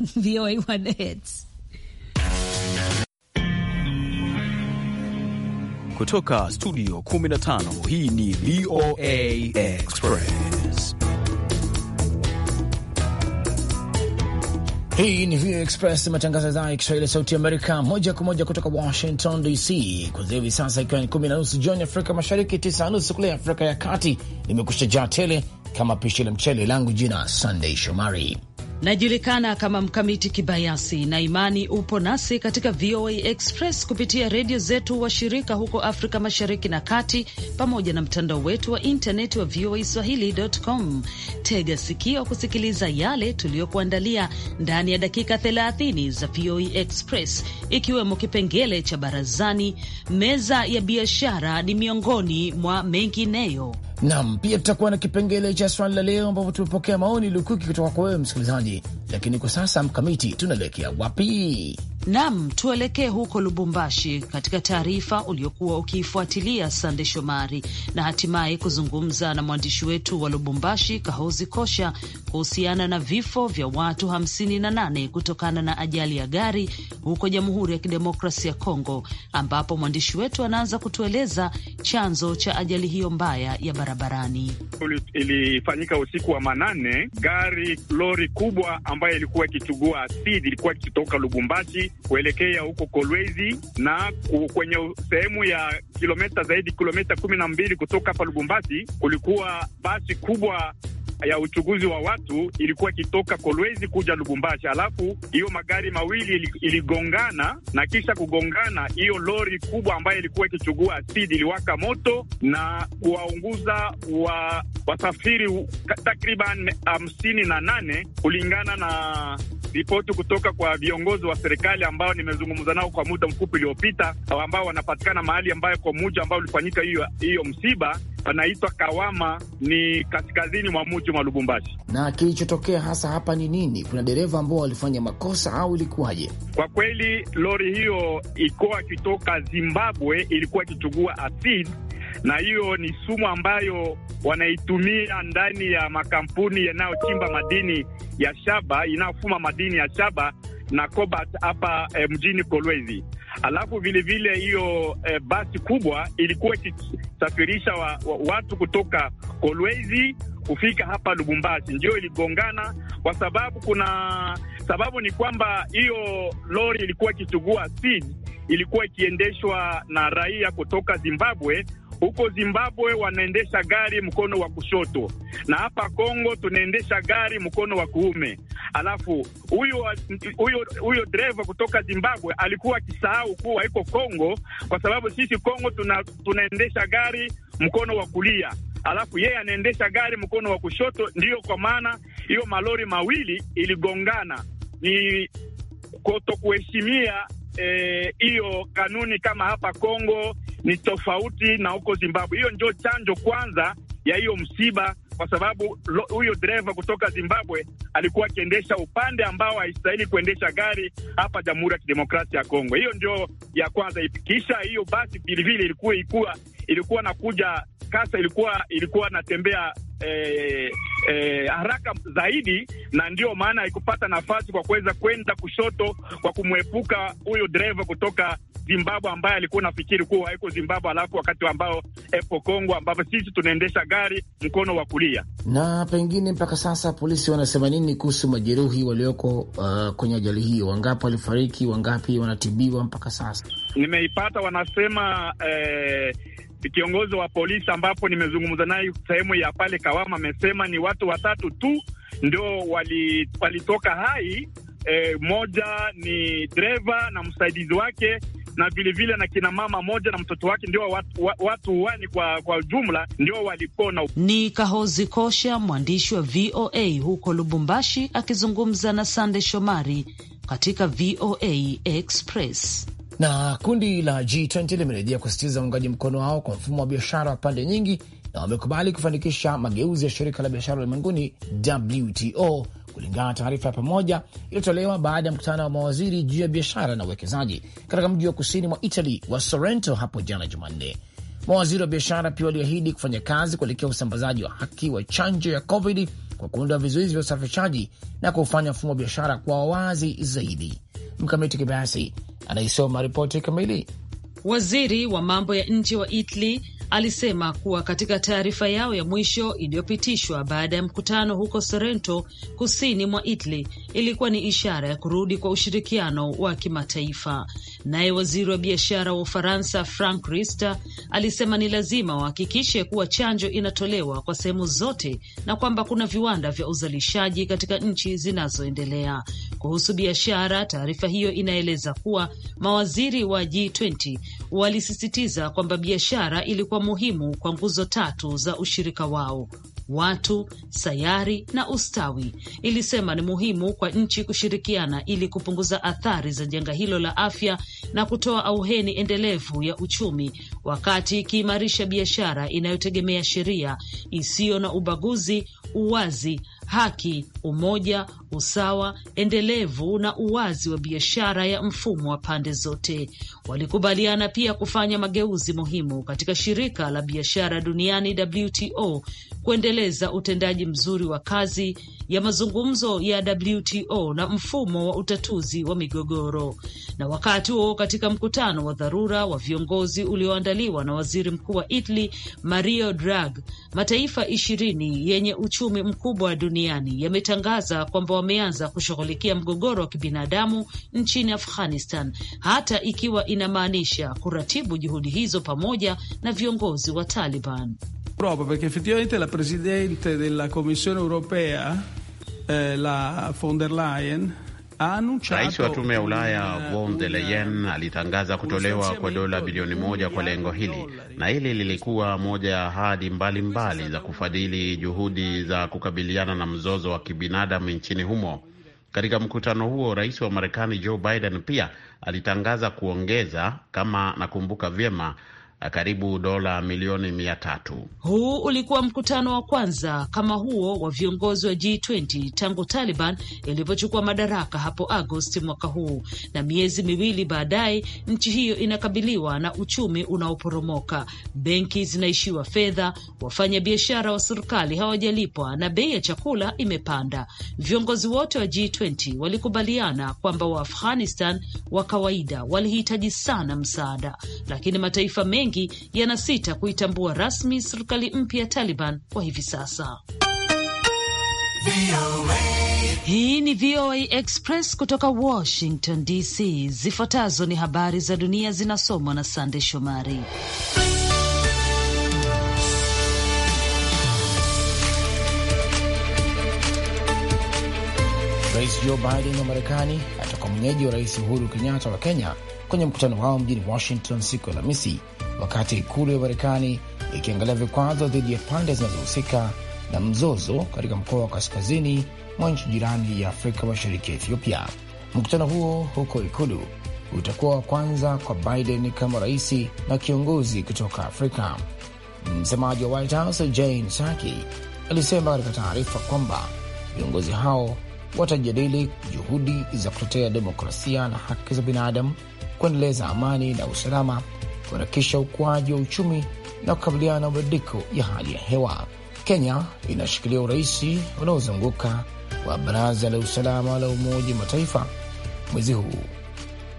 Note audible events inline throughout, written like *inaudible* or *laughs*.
*laughs* VOA One Hits. Kutoka studio 15 hii ni VOA Express. Hii ni VOA Express, matangazo ya idhaa ya Kiswahili ya Sauti Amerika, moja kwa moja kutoka Washington DC, kuanzia hivi sasa ikiwa ni kumi na nusu jioni Afrika Mashariki, tisa na nusu kule Afrika ya Kati. Nimekusha jaa tele kama pishi la mchele langu, jina Sunday Shomari Najulikana kama Mkamiti Kibayasi na Imani. Upo nasi katika VOA Express kupitia redio zetu washirika huko Afrika Mashariki na Kati, pamoja na mtandao wetu wa intaneti wa VOA Swahili.com. Tega sikio kusikiliza yale tuliyokuandalia ndani ya dakika 30 za VOA Express, ikiwemo kipengele cha barazani, meza ya biashara, ni miongoni mwa mengineyo. Nam, pia tutakuwa na kipengele cha swali la leo, ambapo tumepokea maoni lukuki kutoka kwa wewe msikilizaji. Lakini kwa sasa, Mkamiti, tunaelekea wapi? Nam, tuelekee huko Lubumbashi, katika taarifa uliokuwa ukiifuatilia Sande Shomari, na hatimaye kuzungumza na mwandishi wetu wa Lubumbashi, Kahozi Kosha, kuhusiana na vifo vya watu 58 kutokana na ajali ya gari huko Jamhuri ya Kidemokrasi ya Kongo, ambapo mwandishi wetu anaanza kutueleza chanzo cha ajali hiyo mbaya ya barabara barabarani. Ilifanyika usiku wa manane, gari lori kubwa ambayo ilikuwa ikitugua asidi ilikuwa ikitoka Lubumbashi kuelekea huko Kolwezi na kwenye sehemu ya kilometa zaidi kilometa kumi na mbili kutoka hapa Lubumbashi kulikuwa basi kubwa ya uchuguzi wa watu ilikuwa ikitoka Kolwezi kuja Lubumbashi, alafu hiyo magari mawili iligongana, na kisha kugongana, hiyo lori kubwa ambayo ilikuwa ikichugua asidi iliwaka moto na kuwaunguza wa wasafiri takriban hamsini na nane kulingana na ripoti kutoka kwa viongozi wa serikali ambao nimezungumza nao kwa muda mfupi uliopita, ambao wanapatikana mahali ambayo kwa muja ambao ulifanyika hiyo hiyo msiba panaitwa Kawama, ni kaskazini mwa mji wa Lubumbashi. Na kilichotokea hasa hapa ni nini? Kuna dereva ambao walifanya makosa au ilikuwaje? Kwa kweli lori hiyo ilikuwa akitoka Zimbabwe, ilikuwa ikichugua acid na hiyo ni sumu ambayo wanaitumia ndani ya makampuni yanayochimba madini ya shaba, inayofuma madini ya shaba na cobalt hapa eh, mjini Kolwezi alafu vilevile hiyo vile eh, basi kubwa ilikuwa ikisafirisha wa, wa, watu kutoka Kolwezi kufika hapa Lubumbashi, ndio iligongana kwa sababu kuna sababu ni kwamba hiyo lori ilikuwa ikichugua seed ilikuwa ikiendeshwa na raia kutoka Zimbabwe huko Zimbabwe wanaendesha gari mkono wa kushoto, na hapa Kongo tunaendesha gari mkono wa kuume. Alafu huyo huyo huyo dereva kutoka Zimbabwe alikuwa akisahau kuwa iko Kongo, kwa sababu sisi Kongo tuna, tunaendesha gari mkono wa kulia alafu yeye anaendesha gari mkono wa kushoto. Ndiyo kwa maana hiyo malori mawili iligongana, ni kutokuheshimia eh, hiyo eh, kanuni. Kama hapa Kongo ni tofauti na huko Zimbabwe. Hiyo ndio chanjo kwanza ya hiyo msiba, kwa sababu huyo dereva kutoka Zimbabwe alikuwa akiendesha upande ambao haistahili kuendesha gari hapa Jamhuri ya Kidemokrasia ya Kongo. Hiyo ndio ya kwanza. Kisha hiyo basi vilevile ilikuwa ilikuwa ilikuwa nakuja kasa, ilikuwa ilikuwa natembea eh, eh, haraka zaidi, na ndio maana haikupata nafasi kwa kuweza kwenda kushoto kwa kumwepuka huyo dereva kutoka Zimbabwe ambaye alikuwa nafikiri kuwa haiko Zimbabwe, alafu wakati ambao epo Kongo, ambapo sisi tunaendesha gari mkono wa kulia. Na pengine mpaka sasa polisi wanasema nini kuhusu majeruhi walioko uh, kwenye ajali hiyo? Wangapi walifariki, wangapi wanatibiwa mpaka sasa? Nimeipata wanasema eh, kiongozi wa polisi ambapo nimezungumza naye sehemu ya pale Kawama amesema ni watu watatu tu ndio walitoka wali hai. E, moja ni dreva na msaidizi wake na vilevile na kina mama moja na mtoto wake, ndio watu, watu wani kwa, kwa jumla ndio walipona. Ni Kahozi Kosha, mwandishi wa VOA huko Lubumbashi, akizungumza na Sande Shomari katika VOA Express. Na kundi la G20 limerejea kusitiza uungaji mkono wao kwa mfumo wa biashara wa pande nyingi na wamekubali kufanikisha mageuzi ya shirika la biashara ulimwenguni WTO kulingana na taarifa ya pamoja iliyotolewa baada ya mkutano wa mawaziri juu ya biashara na uwekezaji katika mji wa kusini mwa Italy wa Sorrento hapo jana Jumanne. Mawaziri wa biashara pia waliahidi kufanya kazi kuelekea usambazaji wa haki wa chanjo ya COVID kwa kuunda vizuizi vya usafirishaji na kuufanya mfumo wa biashara kwa wazi zaidi. Mkamiti Kibayasi anaisoma ripoti kamili Waziri wa mambo ya nje wa Italy alisema kuwa katika taarifa yao ya mwisho iliyopitishwa baada ya mkutano huko Sorrento, kusini mwa Italy, ilikuwa ni ishara ya kurudi kwa ushirikiano wa kimataifa. Naye waziri wa biashara wa Ufaransa Frank Riester alisema ni lazima wahakikishe kuwa chanjo inatolewa kwa sehemu zote na kwamba kuna viwanda vya uzalishaji katika nchi zinazoendelea. Kuhusu biashara, taarifa hiyo inaeleza kuwa mawaziri wa G20 walisisitiza kwamba biashara ilikuwa muhimu kwa nguzo tatu za ushirika wao: watu, sayari na ustawi. Ilisema ni muhimu kwa nchi kushirikiana ili kupunguza athari za janga hilo la afya na kutoa auheni endelevu ya uchumi, wakati ikiimarisha biashara inayotegemea sheria isiyo na ubaguzi, uwazi haki, umoja, usawa, endelevu na uwazi wa biashara ya mfumo wa pande zote. Walikubaliana pia kufanya mageuzi muhimu katika shirika la biashara duniani WTO, kuendeleza utendaji mzuri wa kazi ya mazungumzo ya WTO na mfumo wa utatuzi wa migogoro. Na wakati huo, katika mkutano wa dharura wa viongozi ulioandaliwa na waziri mkuu wa Italy Mario Draghi, mataifa ishirini yenye uchumi mkubwa wa dunia duniani yametangaza kwamba wameanza kushughulikia mgogoro wa kibinadamu nchini Afghanistan, hata ikiwa inamaanisha kuratibu juhudi hizo pamoja na viongozi wa Taliban. Proprio perché effettivamente la presidente della Commissione europea eh, la von der Leyen Rais wa tume ya Ulaya von der Leyen alitangaza kutolewa kwa dola bilioni moja kwa lengo hili, na hili lilikuwa moja ya ahadi mbalimbali za kufadhili juhudi za kukabiliana na mzozo wa kibinadamu nchini humo. Katika mkutano huo, rais wa Marekani Joe Biden pia alitangaza kuongeza, kama nakumbuka vyema karibu dola milioni mia tatu. Huu ulikuwa mkutano wa kwanza kama huo wa viongozi wa G20 tangu Taliban ilivyochukua madaraka hapo Agosti mwaka huu, na miezi miwili baadaye nchi hiyo inakabiliwa na uchumi unaoporomoka, benki zinaishiwa fedha, wafanya biashara wa serikali hawajalipwa na bei ya chakula imepanda. Viongozi wote wa G20 walikubaliana kwamba Waafghanistan wa kawaida walihitaji sana msaada, lakini mataifa mengi mengi yanasita kuitambua rasmi serikali mpya ya Taliban kwa hivi sasa. Hii ni VOA Express kutoka Washington DC. Zifuatazo ni habari za dunia zinasomwa na Sande Shomari. Rais Joe Biden wa Marekani atakuwa mwenyeji wa Rais Uhuru Kenyatta wa Kenya kwenye mkutano wao mjini Washington siku ya Alhamisi wakati ikulu ya Marekani ikiangalia vikwazo dhidi ya pande zinazohusika na mzozo katika mkoa wa kaskazini mwa nchi jirani ya Afrika Mashariki ya Ethiopia. Mkutano huo huko ikulu utakuwa wa kwanza kwa Biden kama raisi na kiongozi kutoka Afrika. Msemaji wa White House Jane Saki alisema katika taarifa kwamba viongozi hao watajadili juhudi za kutetea demokrasia na haki za binadamu, kuendeleza amani na usalama kuharakisha ukuaji wa uchumi na kukabiliana na mabadiliko ya hali ya hewa. Kenya inashikilia uraisi unaozunguka wa Baraza la Usalama la Umoja Mataifa mwezi huu.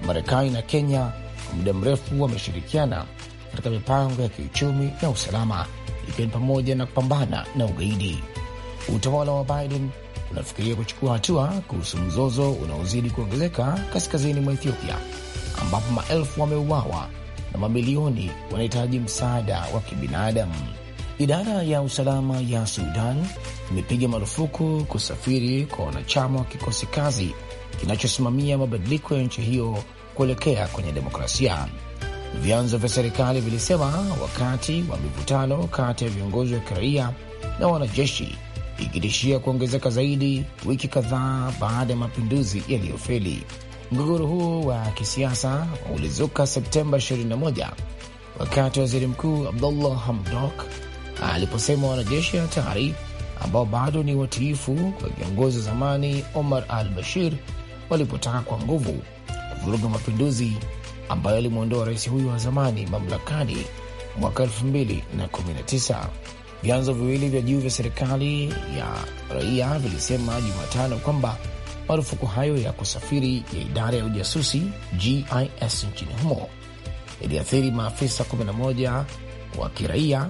Marekani na Kenya kwa muda mrefu wameshirikiana katika mipango ya kiuchumi na usalama, ikiwa ni pamoja na kupambana na ugaidi. Utawala wa Biden unafikiria kuchukua hatua kuhusu mzozo unaozidi kuongezeka kaskazini mwa Ethiopia, ambapo maelfu wameuawa na mamilioni wanahitaji msaada wa kibinadamu. Idara ya usalama ya Sudan imepiga marufuku kusafiri kwa wanachama wa kikosi kazi kinachosimamia mabadiliko ya nchi hiyo kuelekea kwenye demokrasia, vyanzo vya serikali vilisema wakati wa mivutano kati ya viongozi wa kiraia na wanajeshi ikitishia kuongezeka zaidi wiki kadhaa baada ya mapinduzi yaliyofeli. Mgogoro huo wa kisiasa ulizuka Septemba 21 wakati waziri mkuu Abdullah Hamdok aliposema wanajeshi hatari ambao bado ni watiifu kwa kiongozi wa zamani Omar al Bashir walipotaka kwa nguvu kuvuruga mapinduzi ambayo alimwondoa rais huyo wa zamani mamlakani mwaka 2019. Vyanzo viwili vya juu vya serikali ya raia vilisema Jumatano kwamba marufuku hayo ya kusafiri ya idara ya ujasusi GIS nchini humo iliathiri maafisa 11 wa kiraia,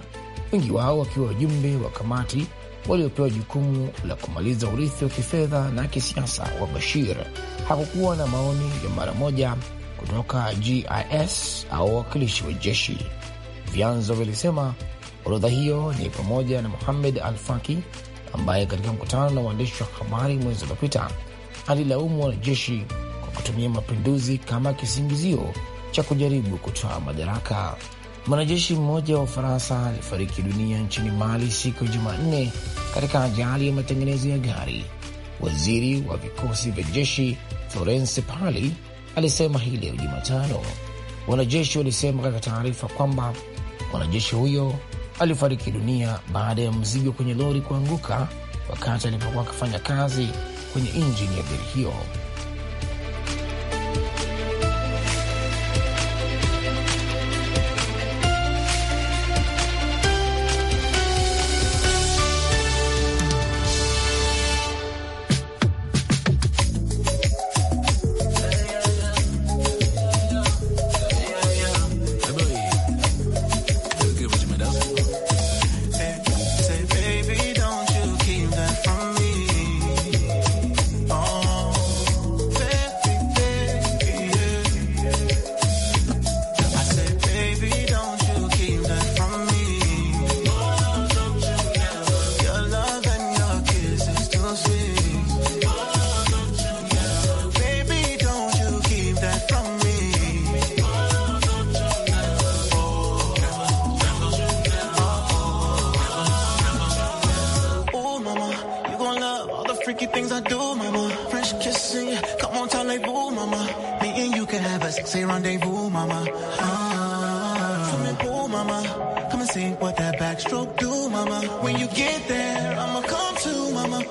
wengi wao wakiwa wajumbe wa kamati waliopewa jukumu la kumaliza urithi wa kifedha na kisiasa wa Bashir. Hakukuwa na maoni ya mara moja kutoka GIS au wawakilishi wa jeshi. Vyanzo vilisema orodha hiyo ni pamoja na Muhamed Alfaki ambaye katika mkutano na waandishi wa habari mwezi uliopita alilaumu wanajeshi kwa kutumia mapinduzi kama kisingizio cha kujaribu kutoa madaraka. Mwanajeshi mmoja wa Ufaransa alifariki dunia nchini Mali siku ya Jumanne katika ajali ya matengenezo ya gari. Waziri wa vikosi vya jeshi Florence Pali alisema hii leo Jumatano. Wanajeshi walisema katika taarifa kwamba mwanajeshi huyo alifariki dunia baada ya mzigo kwenye lori kuanguka wakati alipokuwa akifanya kazi kwenye injini ya gari hiyo.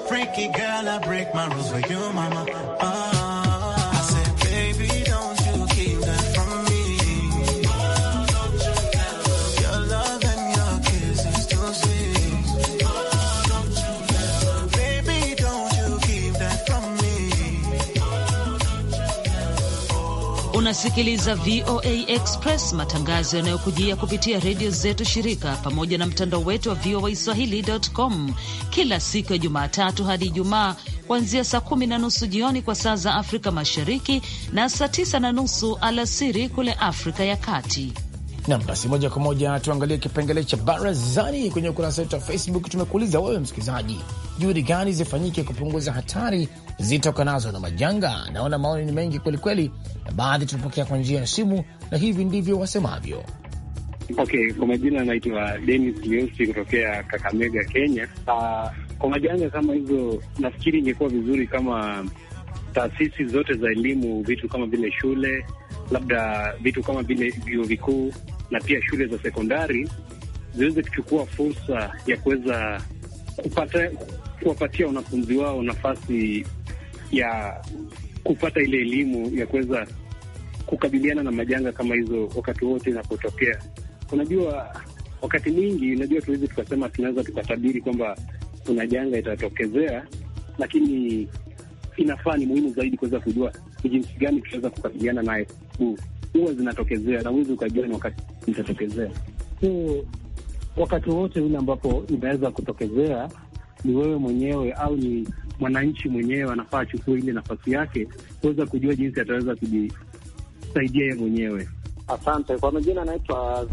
Freaky girl, I break my rules for you, mama. Oh. Unasikiliza VOA Express, matangazo yanayokujia kupitia redio zetu shirika pamoja na mtandao wetu wa VOA Swahili.com kila siku ya Jumatatu hadi Ijumaa kuanzia saa kumi na nusu jioni kwa saa za Afrika Mashariki na saa tisa na nusu alasiri kule Afrika ya Kati. Nam, basi moja kwa moja tuangalie kipengele cha barazani kwenye ukurasa wetu wa Facebook. Tumekuuliza wewe msikilizaji, juhudi gani zifanyike kupunguza hatari zitokanazo na majanga. Naona maoni ni mengi kwelikweli, na baadhi tunapokea kwa njia ya simu, na hivi ndivyo wasemavyo. Okay, kwa majina anaitwa Denis Liosi kutokea Kakamega, Kenya. Uh, kwa majanga kama hivyo, nafikiri ingekuwa vizuri kama taasisi zote za elimu, vitu kama vile shule, labda vitu kama vile vyuo vikuu na pia shule za sekondari ziweze kuchukua fursa ya kuweza kuwapatia wanafunzi wao nafasi ya kupata ile elimu ya kuweza kukabiliana na majanga kama hizo wakati wote inapotokea. Unajua, wakati mwingi, unajua tuwezi tukasema tunaweza tukatabiri kwamba kuna janga itatokezea, lakini inafaa ni muhimu zaidi kuweza kujua ni jinsi gani tunaweza kukabiliana naye. Huwa zinatokezea na uwezi ukajua ni wakati itatokezea wakati wowote ule ambapo inaweza kutokezea, ni wewe mwenyewe au ni mwananchi mwenyewe anafaa achukue ile nafasi yake kuweza kujua jinsi ataweza kujisaidia ye mwenyewe. Asante. Kwa majina anaitwa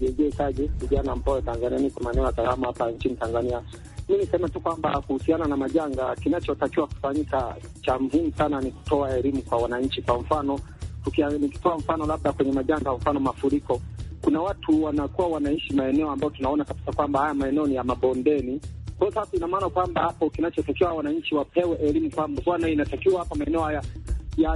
JJ Kaji, kijana mpoe Tanzania, niko maeneo ya Karama hapa nchini Tanzania. Mi niseme tu kwamba kuhusiana na majanga, kinachotakiwa kufanyika cha muhimu sana ni kutoa elimu kwa wananchi. Kwa mfano, nikitoa mfano labda kwenye majanga, mfano mafuriko kuna watu wanakuwa wanaishi maeneo ambayo tunaona kabisa kwamba haya maeneo ni ya mabondeni. Kwa hiyo sasa, ina maana kwamba hapo kinachotakiwa wananchi wapewe elimu kwamba bwana, inatakiwa hapa maeneo haya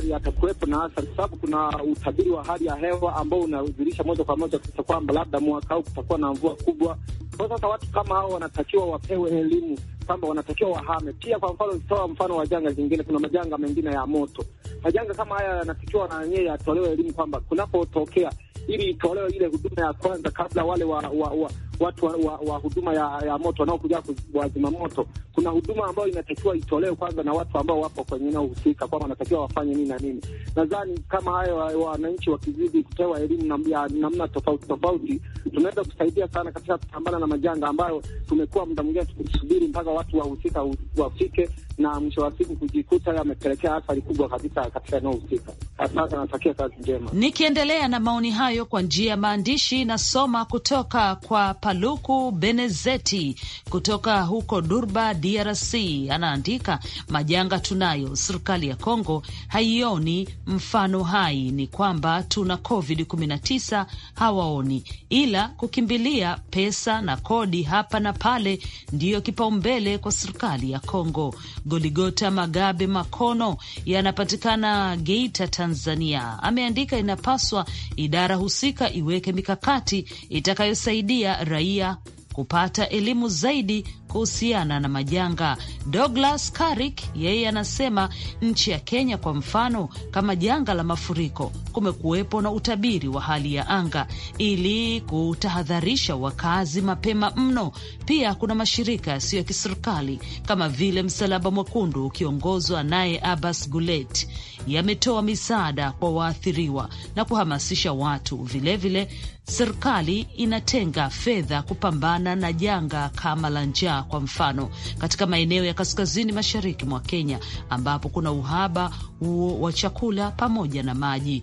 yatakuwepo na athari, kwa sababu kuna utabiri wa hali ya hewa ambao unajulisha moja kwa moja kabisa kwamba labda mwaka huu kutakuwa na mvua kubwa. Kwa sasa watu kama hao wanatakiwa wapewe elimu kwamba wanatakiwa wahame. Pia kwa mfano, nitoa mfano wa janga zingine, kuna majanga mengine ya moto. Majanga kama haya yanatakiwa na yenyewe yatolewe elimu kwamba kunapotokea ili itolewe ile huduma ya kwanza kabla wale wa, wa, wa watu wa, wa, wa huduma ya, ya moto wanaokuja kuwazima moto. Kuna huduma ambayo inatakiwa itolewe kwanza na watu ambao wapo kwenye eneo husika, kwamba wanatakiwa wafanye nini na nini. Nadhani kama hayo wananchi wa, wakizidi kupewa elimu ya namna tofauti tofauti, tunaweza kusaidia sana katika kupambana na majanga ambayo tumekuwa muda mwingine tukisubiri mpaka watu wahusika wafike na mwisho wa siku kujikuta amepelekea athari kubwa kabisa katika eneo husika. Asante, natakia kazi njema. Nikiendelea na maoni hayo kwa njia ya maandishi, nasoma kutoka kwa Paluku Benezeti kutoka huko Durba, DRC. Anaandika, majanga tunayo, serikali ya Kongo haioni mfano hai. Ni kwamba tuna Covid 19 hawaoni, ila kukimbilia pesa na kodi hapa na pale ndiyo kipaumbele kwa serikali ya Kongo. Goligota Magabe Makono yanapatikana Geita, Tanzania, ameandika inapaswa idara husika iweke mikakati itakayosaidia raia kupata elimu zaidi kuhusiana na majanga. Douglas Karick yeye anasema nchi ya Kenya kwa mfano, kama janga la mafuriko, kumekuwepo na utabiri wa hali ya anga ili kutahadharisha wakazi mapema mno. Pia kuna mashirika yasiyo ya kiserikali kama vile Msalaba Mwekundu ukiongozwa naye Abbas Gulet yametoa misaada kwa waathiriwa na kuhamasisha watu vilevile vile, serikali inatenga fedha kupambana na janga kama la njaa, kwa mfano katika maeneo ya kaskazini mashariki mwa Kenya ambapo kuna uhaba huo wa chakula pamoja na maji.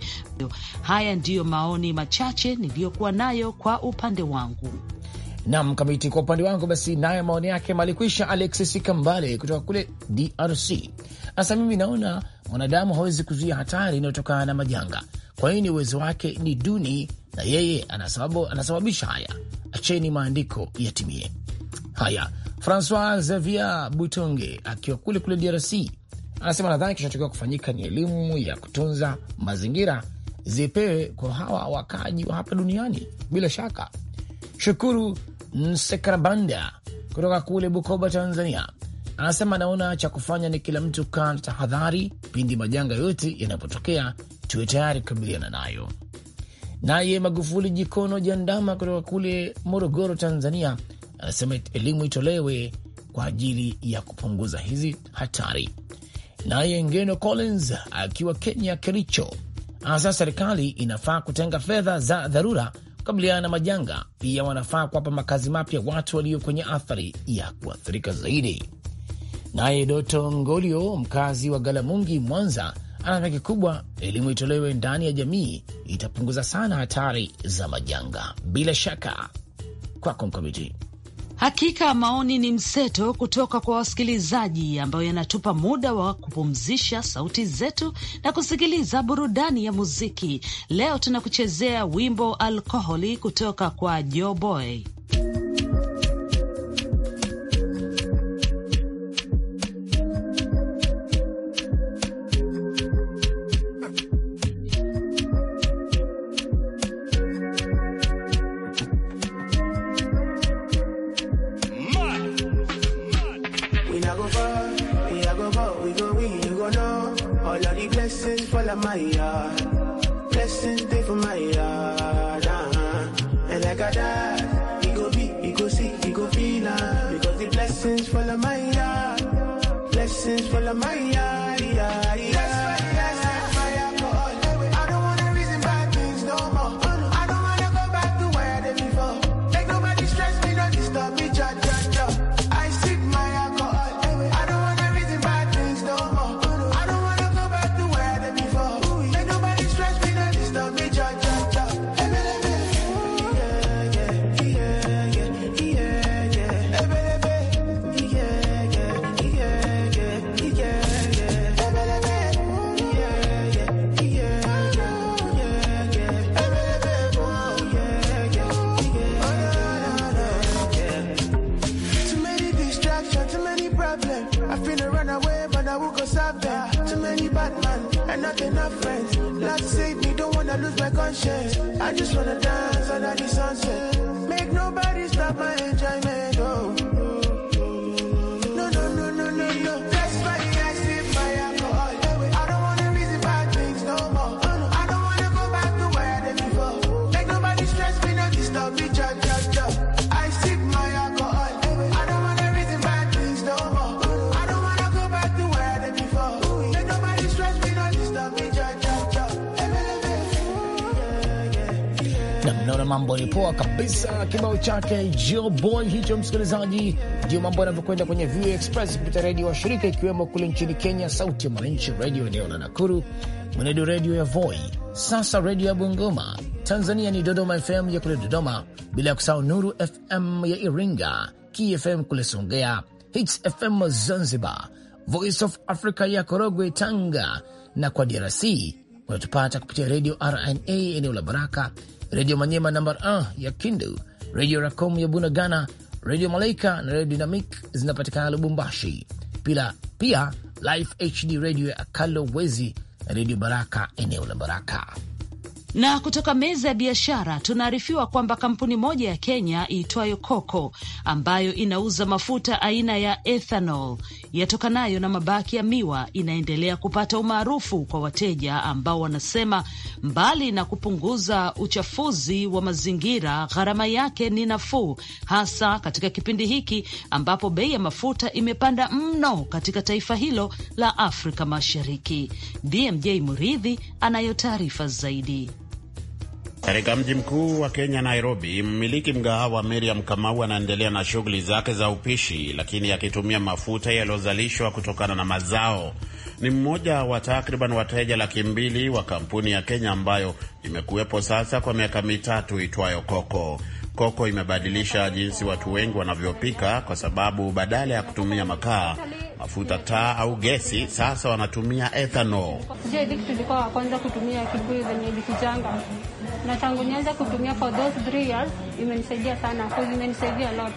Haya ndiyo maoni machache niliyokuwa nayo kwa upande wangu. Nam Kamiti, kwa upande wangu basi, nayo maoni yake malikwisha. Alexis Kambale kutoka kule DRC hasa, mimi naona mwanadamu hawezi kuzuia hatari inayotokana na majanga, kwa hiyo ni uwezo wake ni duni na yeye anasababu, anasababisha haya. Acheni maandiko yatimie. Haya, Francois Xavier Butonge akiwa kule kule DRC anasema nadhani kinachotakiwa kufanyika ni elimu ya kutunza mazingira zipewe kwa hawa wakaji wa hapa duniani. Bila shaka, Shukuru Nsekarabanda kutoka kule Bukoba, Tanzania, anasema naona cha kufanya ni kila mtu kaa na tahadhari pindi majanga yote yanapotokea, tuwe tayari kukabiliana nayo. Naye Magufuli Jikono Jandama kutoka kule Morogoro, Tanzania, anasema elimu itolewe kwa ajili ya kupunguza hizi hatari. Naye Ngeno Collins akiwa Kenya, Kericho, anasema serikali inafaa kutenga fedha za dharura kukabiliana na majanga. Pia wanafaa kuwapa makazi mapya watu walio kwenye athari ya kuathirika zaidi. Naye Doto Ngolio, mkazi wa Galamungi, Mwanza, anataka kikubwa elimu itolewe ndani ya jamii, itapunguza sana hatari za majanga. Bila shaka kwako Mkamiti. Hakika maoni ni mseto kutoka kwa wasikilizaji, ambayo yanatupa muda wa kupumzisha sauti zetu na kusikiliza burudani ya muziki. Leo tunakuchezea wimbo Alkoholi kutoka kwa Joboy. mambo ni poa kabisa, kibao chake Jill Boy hicho. Msikilizaji, ndio mambo yanavyokwenda kwenye VOA Express kupitia redio wa shirika ikiwemo kule nchini Kenya, Sauti ya Mwananchi redio eneo la Nakuru, Mwenedu redio ya Voi, sasa redio ya Bungoma. Tanzania ni Dodoma FM ya kule Dodoma, bila ya kusahau Nuru FM ya Iringa, KFM kule Songea, Hits FM Zanzibar, Voice of Africa ya Korogwe Tanga, na kwa DRC unatupata kupitia redio RNA eneo la Baraka Redio Manyema nambar 1 ya Kindu, Redio Racom ya Bunagana, Redio Malaika na Redio Dinamik zinapatikana Lubumbashi, pila pia Live HD redio ya Akalo Wezi na Redio Baraka eneo la Baraka. Na kutoka meza ya biashara tunaarifiwa kwamba kampuni moja ya Kenya iitwayo Coco ambayo inauza mafuta aina ya ethanol yatokanayo na mabaki ya miwa inaendelea kupata umaarufu kwa wateja ambao wanasema mbali na kupunguza uchafuzi wa mazingira, gharama yake ni nafuu, hasa katika kipindi hiki ambapo bei ya mafuta imepanda mno katika taifa hilo la Afrika Mashariki. BMJ Muridhi anayo taarifa zaidi. Katika mji mkuu wa Kenya, Nairobi, mmiliki mgahawa Miriam Kamau anaendelea na shughuli zake za upishi, lakini akitumia mafuta yaliyozalishwa kutokana na mazao. Ni mmoja wa takriban wateja laki mbili wa kampuni ya Kenya ambayo imekuwepo sasa kwa miaka mitatu itwayo Koko. Koko imebadilisha jinsi watu wengi wanavyopika kwa sababu badala ya kutumia makaa, mafuta taa au gesi, sasa wanatumia ethanol na tangu nianze kutumia for those three years imenisaidia sana, so imenisaidia a lot.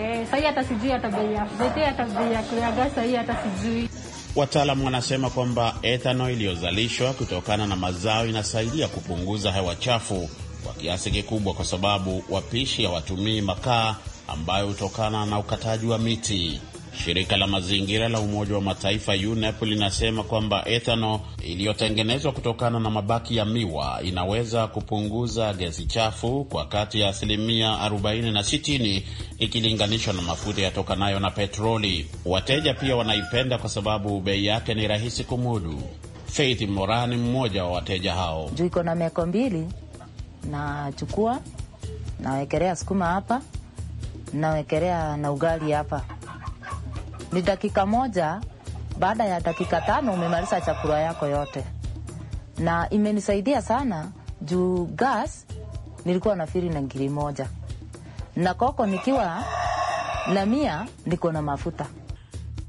Eh, sahii hata sijui hata bei ya zote hata bei ya kuaga sahii hata sijui. Wataalamu wanasema kwamba ethanol iliyozalishwa kutokana na mazao inasaidia kupunguza hewa chafu kwa kiasi kikubwa, kwa sababu wapishi hawatumii makaa ambayo hutokana na ukataji wa miti. Shirika la mazingira la Umoja wa Mataifa UNEP linasema kwamba ethano iliyotengenezwa kutokana na mabaki ya miwa inaweza kupunguza gesi chafu kwa kati ya asilimia 40 na 60 ikilinganishwa na mafuta yatokanayo na petroli. Wateja pia wanaipenda kwa sababu bei yake ni rahisi kumudu. Faith ni mmoja wa wateja hao. Juu iko na miaka mbili, nachukua nawekelea sukuma hapa, nawekelea na ugali hapa ni dakika moja. Baada ya dakika tano umemaliza chakula yako yote, na imenisaidia sana juu gas nilikuwa nafiri na ngiri moja na koko nikiwa na mia niko na mafuta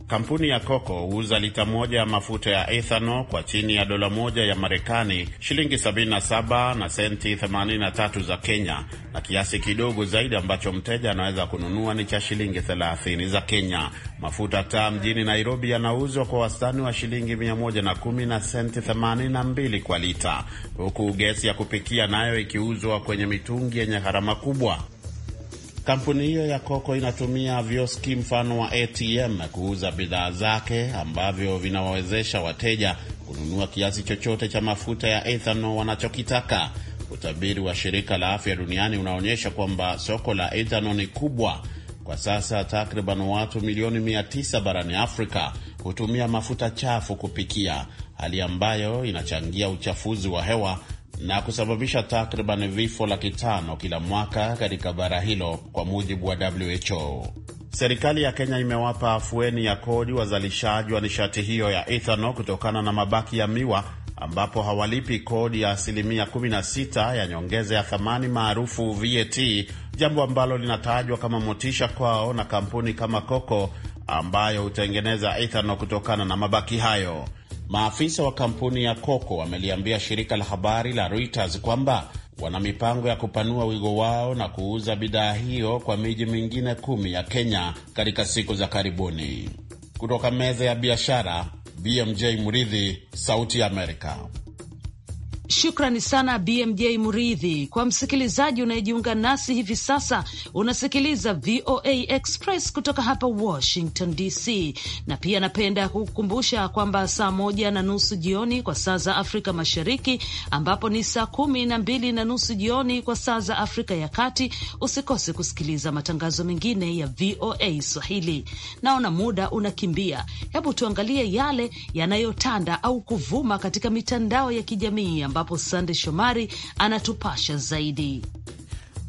Kampuni ya Coco huuza lita moja ya mafuta ya ethano kwa chini ya dola moja ya Marekani, shilingi 77 na senti 83 za Kenya, na kiasi kidogo zaidi ambacho mteja anaweza kununua ni cha shilingi 30 za Kenya. Mafuta taa mjini Nairobi yanauzwa kwa wastani wa shilingi 110 na senti 82 kwa lita, huku gesi ya kupikia nayo ikiuzwa kwenye mitungi yenye gharama kubwa. Kampuni hiyo ya Coco inatumia vioski mfano wa ATM kuuza bidhaa zake ambavyo vinawawezesha wateja kununua kiasi chochote cha mafuta ya ethanol wanachokitaka. Utabiri wa shirika la afya duniani unaonyesha kwamba soko la ethanol ni kubwa kwa sasa. Takriban watu milioni 900 barani Afrika hutumia mafuta chafu kupikia, hali ambayo inachangia uchafuzi wa hewa na kusababisha takriban vifo laki tano kila mwaka katika bara hilo kwa mujibu wa WHO. Serikali ya Kenya imewapa afueni ya kodi wazalishaji wa nishati hiyo ya ethanol kutokana na mabaki ya miwa ambapo hawalipi kodi ya asilimia 16 ya nyongeza ya thamani maarufu VAT, jambo ambalo linatajwa kama motisha kwao na kampuni kama Coco ambayo hutengeneza ethanol kutokana na mabaki hayo. Maafisa wa kampuni ya Coco wameliambia shirika la habari la Reuters kwamba wana mipango ya kupanua wigo wao na kuuza bidhaa hiyo kwa miji mingine kumi ya Kenya katika siku za karibuni. Kutoka meza ya biashara, BMJ Muridhi, Sauti ya Amerika. Shukrani sana BMJ Mridhi. Kwa msikilizaji unayejiunga nasi hivi sasa, unasikiliza VOA Express kutoka hapa Washington DC, na pia napenda kukukumbusha kwamba saa moja na nusu jioni kwa saa za Afrika Mashariki, ambapo ni saa kumi na mbili na nusu jioni kwa saa za Afrika ya Kati, usikose kusikiliza matangazo mengine ya VOA Swahili. Naona muda unakimbia, hebu tuangalie yale yanayotanda au kuvuma katika mitandao ya kijamii ambapo Sande Shomari anatupasha zaidi.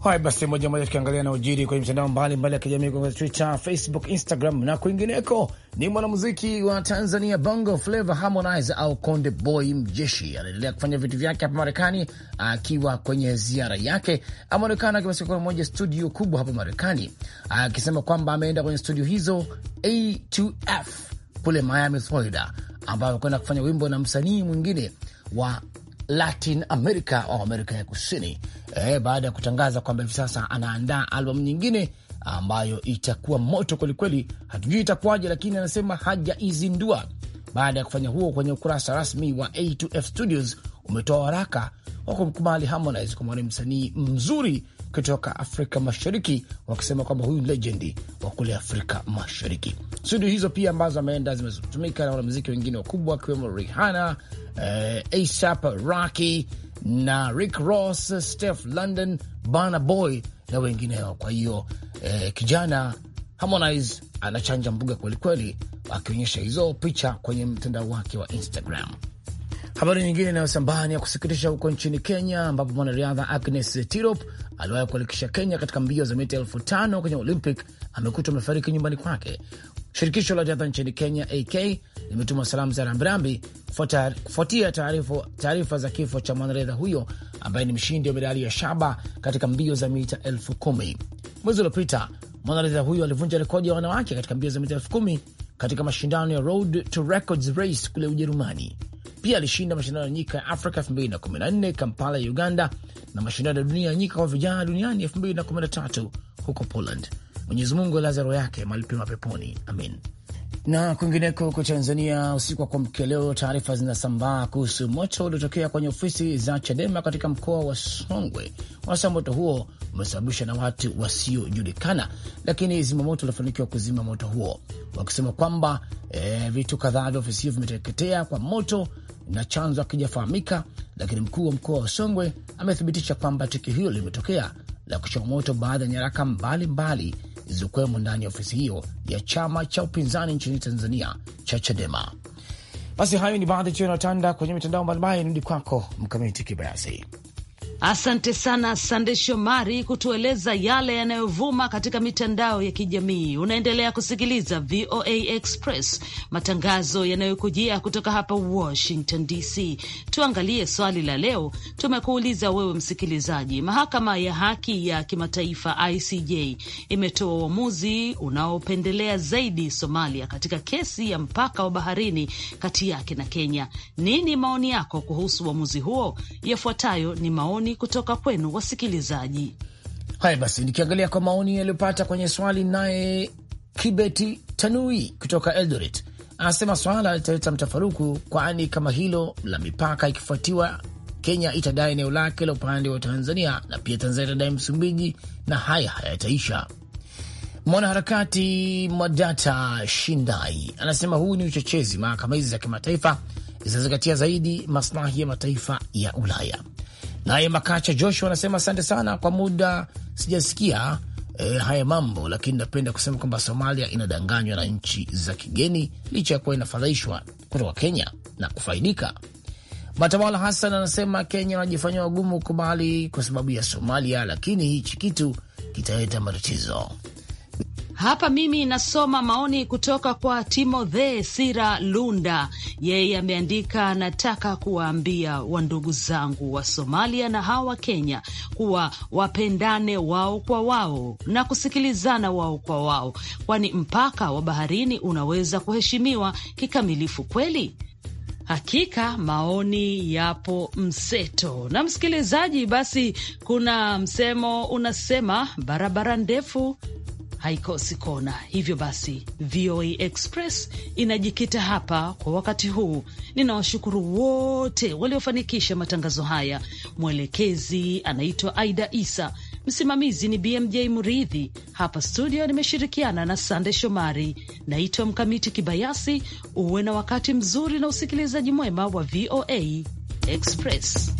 Haya basi, moja moja tukiangalia na ujiri kwenye mitandao mbalimbali ya kijamii kwenye Twitter, Facebook, Instagram na kwingineko, ni mwanamuziki wa Tanzania Bongo Flava Harmonize au Konde Boy Mjeshi anaendelea kufanya vitu vyake hapa Marekani. Akiwa kwenye ziara yake, ameonekana akiwa moja studio kubwa hapa Marekani, akisema kwamba ameenda kwenye studio hizo A2F kule Miami, Florida, ambayo amekwenda kufanya wimbo na msanii mwingine wa Latin America au Amerika ya Kusini eh, baada ya kutangaza kwamba hivi sasa anaandaa albamu nyingine ambayo itakuwa moto kwelikweli. Hatujui itakuwaje, lakini anasema hajaizindua. Baada ya kufanya huo, kwenye ukurasa rasmi wa A2F Studios umetoa waraka wa kumkubali Harmonize kama ni msanii mzuri kutoka Afrika Mashariki, wakisema kwamba huyu legendi wa kule Afrika Mashariki. Studio hizo pia ambazo ameenda zimetumika na wanamuziki wengine wakubwa akiwemo Rihanna, eh, ASAP Rocky na Rick Ross, Steph London, Burna Boy na wengineo. Kwa hiyo eh, kijana Harmonize anachanja mbuga kwelikweli, akionyesha hizo picha kwenye mtandao wake wa Instagram. Habari nyingine inayosambaa ni ya kusikitisha huko nchini Kenya, ambapo mwanariadha Agnes Tirop aliwahi kualikisha Kenya katika mbio za mita elfu tano kwenye Olympic amekutwa amefariki nyumbani kwake. Shirikisho la riadha nchini Kenya AK limetuma salamu za rambirambi kufuatia taarifa za kifo cha mwanariadha huyo ambaye ni mshindi wa medali ya shaba katika mbio za mita elfu kumi mwezi uliopita. Mwanariadha huyo alivunja rekodi ya wanawake katika mbio za mita elfu kumi katika mashindano ya Road to Records Race kule Ujerumani. Pia alishinda mashindano ya nyika ya Afrika 2014 Kampala ya Uganda, na mashindano ya dunia ya nyika kwa vijana duniani 2013 huko Poland. Mwenyezi Mungu alaze roho yake malipema peponi, amin. Na kwingineko huko Tanzania, usiku wa kuamkia leo, taarifa zinasambaa kuhusu moto uliotokea kwenye ofisi za CHADEMA katika mkoa wa Songwe. Wanasema moto huo umesababishwa na watu wasiojulikana, lakini zimamoto walifanikiwa kuzima moto huo, wakisema kwamba e, vitu kadhaa vya ofisi hiyo vimeteketea kwa moto na chanzo hakijafahamika, lakini mkuu wa mkoa wa Songwe amethibitisha kwamba tukio hilo limetokea la kuchoma moto baadhi ya nyaraka mbalimbali zilizokuwemo ndani ya ofisi hiyo ya chama cha upinzani nchini Tanzania cha Chadema. Basi hayo ni baadhi tu yanayotanda kwenye mitandao mbalimbali. Nirudi kwako Mkamiti Kibayasi. Asante sana Sande Shomari kutueleza yale yanayovuma katika mitandao ya kijamii. Unaendelea kusikiliza VOA Express, matangazo yanayokujia kutoka hapa Washington DC. Tuangalie swali la leo, tumekuuliza wewe msikilizaji. Mahakama ya Haki ya Kimataifa ICJ imetoa uamuzi unaopendelea zaidi Somalia katika kesi ya mpaka wa baharini kati yake na Kenya. Nini maoni yako kuhusu uamuzi huo? Yafuatayo ni maoni maoni kutoka kwenu wasikilizaji. Haya basi, nikiangalia kwa maoni yaliyopata kwenye swali, naye Kibeti Tanui kutoka Eldoret anasema swala litaleta mtafaruku, kwani kama hilo la mipaka ikifuatiwa, Kenya itadai eneo lake la upande wa Tanzania na pia Tanzania itadai Msumbiji na haya hayataisha. Mwanaharakati Madata Shindai anasema huu ni uchochezi. Mahakama hizi za kimataifa zinazingatia zaidi maslahi ya mataifa ya Ulaya. Naye Makacha Joshua anasema asante sana kwa muda, sijasikia e, haya mambo, lakini napenda kusema kwamba Somalia inadanganywa na nchi za kigeni, licha ya kuwa inafadhaishwa kutoka Kenya na kufaidika. Matawala Hassan anasema Kenya wanajifanyia wagumu kubali kwa sababu ya Somalia, lakini hichi kitu kitaleta matatizo. Hapa mimi nasoma maoni kutoka kwa Timothe Sira Lunda, yeye ameandika, nataka kuwaambia wandugu zangu wa Somalia na hawa Kenya kuwa wapendane wao kwa wao na kusikilizana wao kwa wao, kwani mpaka wa baharini unaweza kuheshimiwa kikamilifu kweli. Hakika maoni yapo mseto. Na msikilizaji, basi kuna msemo unasema, barabara ndefu haikosi kona. Hivyo basi, VOA Express inajikita hapa kwa wakati huu. Ninawashukuru wote waliofanikisha matangazo haya. Mwelekezi anaitwa Aida Isa, msimamizi ni BMJ Muridhi. Hapa studio nimeshirikiana na Sande Shomari. Naitwa Mkamiti Kibayasi. Uwe na wakati mzuri na usikilizaji mwema wa VOA Express.